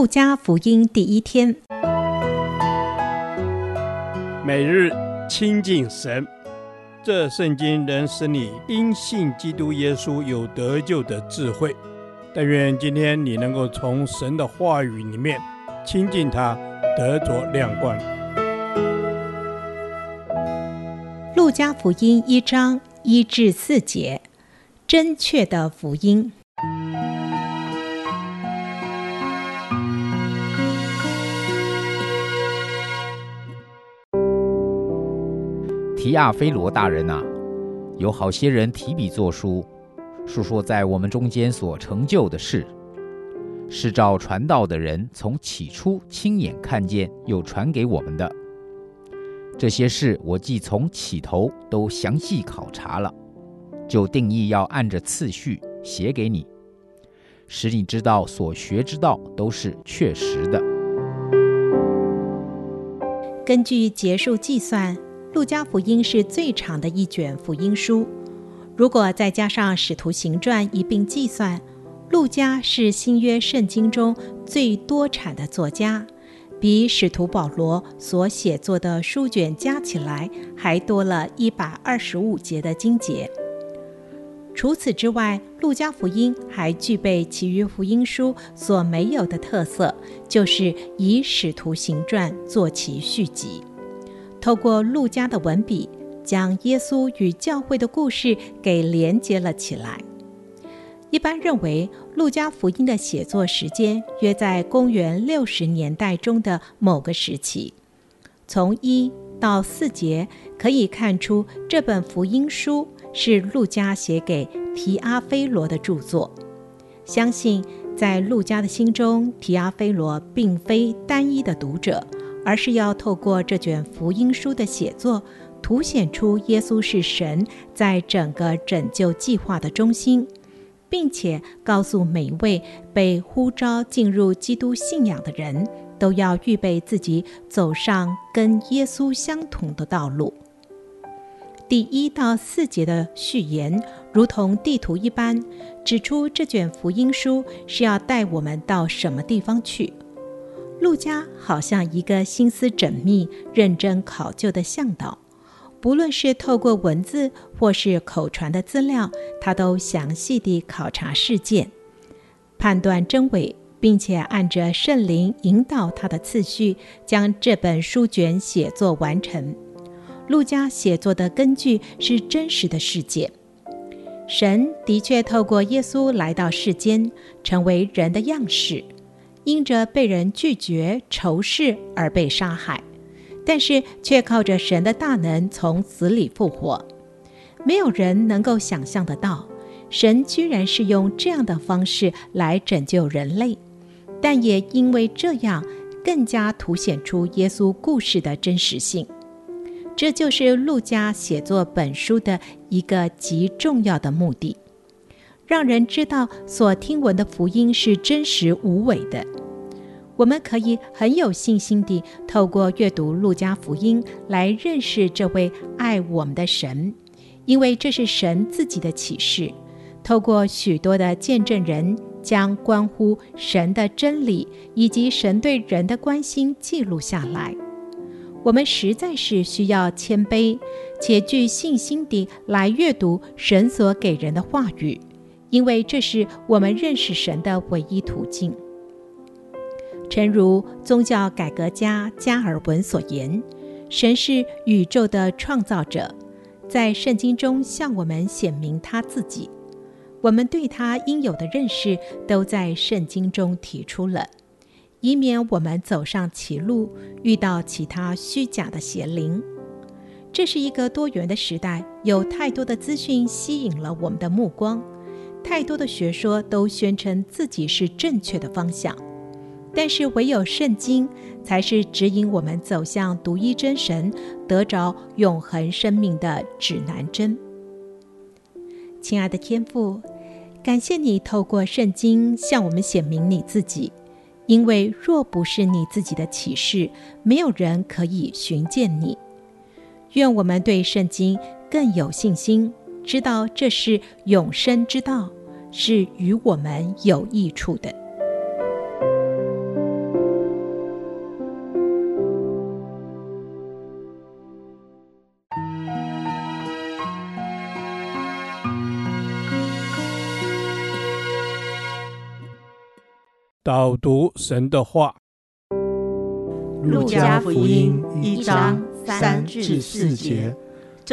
路加福音第一天，每日親近神，這聖經能使你因信基督耶穌有得救的智慧。但願今天你能夠從神的話語裡面親近他，得着亮光。路加福音一章一至四節，真確的福音。提阿非羅大人吶，啊，有好些人提筆作書，述說在我們中間所成就的事，是照傳道的人從起初親眼看見又傳給我們的。這些事我既從起頭都詳細考察了，就定意要按着次序寫給你，使你知道所學之道都是確實的。根據結束計算。路加福音是最長的一卷福音書，如果再加上《使徒行傳》一併計算，路加是新約聖經中最多產的作家，比使徒保羅所寫作的書卷加起來還多了一百二十五節的經節。除此之外，路加福音還具備其餘福音書所沒有的特色，就是以《使徒行傳》作其續集。透過路加的文筆，將耶穌與教會的故事給連接了起來。一般認為，路加福音的寫作時間約在公元六十年代中的某個時期。從一到四節可以看出，這本福音書是路加寫給提阿非羅的著作。相信在路加的心中，提阿非羅並非單一的讀者。而是要透過這卷福音書的寫作，凸顯出耶穌是神在整個拯救計劃的中心，並且告訴每一位被呼召進入基督信仰的人，都要預備自己走上跟耶穌相同的道路。第一到四節的序言，如同地圖一般，指出這卷福音書是要帶我們到什麼地方去。路加好像一個心思縝密、認真考究的向導，不論是透過文字或是口傳的資料，他都詳細地考察事件，判斷真偽，並且按着聖靈引導他的次序，將這本書卷寫作完成。路加寫作的根據是真實的世界，神的確透過耶穌來到世間，成為人的樣式。因着被人拒絕、仇視而被殺害，但是卻靠着神的大能從死裡復活。沒有人能夠想象得到，神居然是用這樣的方式來拯救人類。但也因為這樣，更加凸顯出耶穌故事的真實性。這就是路加寫作本書的一個極重要的目的。讓人知道所聽聞的福音是真實無偽的。我們可以很有信心地透過閱讀《路加福音》來認識這位愛我們的神，因為這是神自己的啟示。透過許多的見證人，將關乎神的真理以及神對人的關心記錄下來。我們實在是需要謙卑且具信心地來閱讀神所給人的話語。因為這是我們認識神的唯一途徑。誠如宗教改革家加爾文所言：“神是宇宙的創造者，在聖經中向我們顯明他自己。我們對他應有的認識都在聖經中提出了，以免我們走上歧路，遇到其他虛假的邪靈。”這是一個多元的時代，有太多的資訊吸引了我們的目光。太多的學說都宣稱自己是正確的方向，但是唯有聖經才是指引我們走向獨一真神、得着永恆生命的指南針。親愛的天父，感謝你透過聖經向我們顯明你自己，因為若不是你自己的啟示，沒有人可以尋見你。願我們對聖經更有信心，知道這是永生之道，是與我們有益處的。導讀神的話，《路加福音》一章三至四節。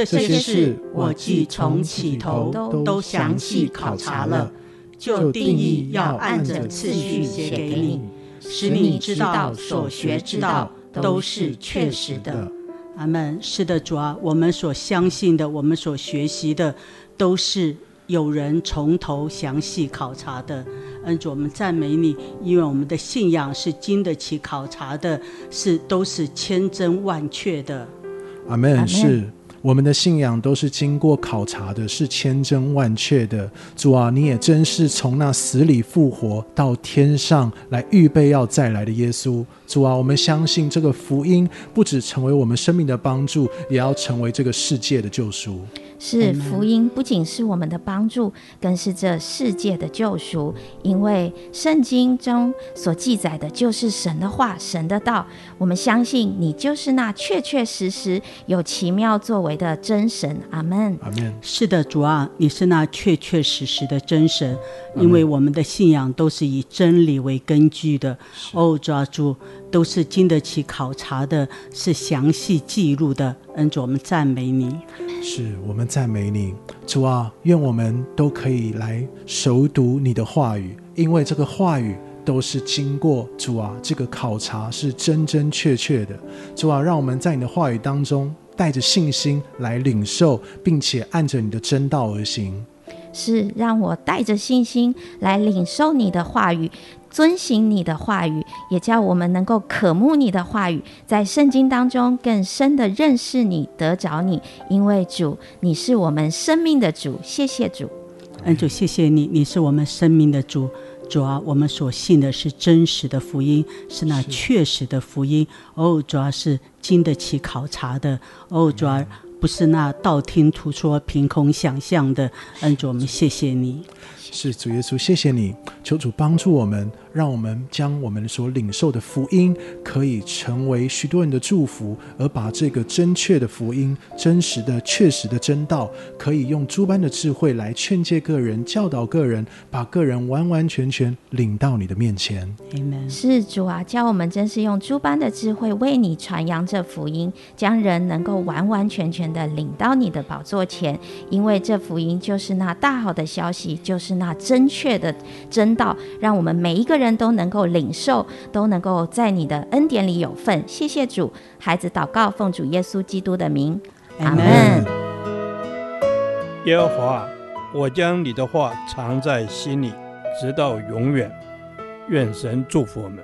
這些事我既從起頭都詳細考察了，就定意要按着次序寫給你，使你知道所學之道都是確實的。阿們。是的，主啊，我們所相信的，我們所學習的，都是有人從頭詳細考察的。恩主，我們讚美你，因為我們的信仰是經得起考察的，是都是千真萬確的。阿們。是。我們的信仰都是經過考察的，是千真萬確的。主啊，你也真是從那死裡復活到天上來預備要再來的耶穌。主啊，我們相信這個福音，不只成為我們生命的幫助，也要成為這個世界的救贖。是福音，不僅是我們的幫助，更是這世界的救贖。因為聖經中所記載的就是神的話、神的道。我們相信你就是那確確實實有奇妙作為的真神。阿門。阿門。是的，主啊，你是那確確實實的真神，因為我們的信仰都是以真理為根據的。哦，抓住，都是經得起考察的，是詳細記錄的。恩主，我們讚美你。是我們讚美你，主啊！願我們都可以來熟讀你的話語，因為這個話語都是經過主啊這個考察，是真真確確的。主啊，讓我們在你的話語當中帶着信心來領受，並且按着你的真道而行。是讓我帶着信心來領受你的話語，遵行你的話語，也叫我們能夠渴慕你的話語，在聖經當中更深的認識你，得着你。因為主，你是我們生命的主，謝謝主。恩、嗯、主，謝謝你，你是我們生命的主。主啊，我們所信的是真實的福音，是那確實的福音。哦，主啊，是經得起考察的。哦，主啊。嗯不是那道聽途說、憑空想象的，恩主，我們謝謝你。是主耶穌，謝謝你，求主幫助我們，讓我們將我們所領受的福音，可以成為許多人的祝福，而把這個真確的福音、真實的、確實的真道，可以用諸般的智慧來勸誡個人、教導個人，把個人完完全全領到你的面前。Amen。是主啊，教我們真是用諸般的智慧為你傳揚這福音，將人能夠完完全全。的領到你的寶座前，因為這福音就是那大好的消息，就是那真確的真道，讓我們每一個人都能夠領受，都能夠在你的恩典裡有份。謝謝主，孩子禱告，奉主耶穌基督的名，阿門。耶和華，我將你的話藏在心裡，直到永遠。願神祝福我們。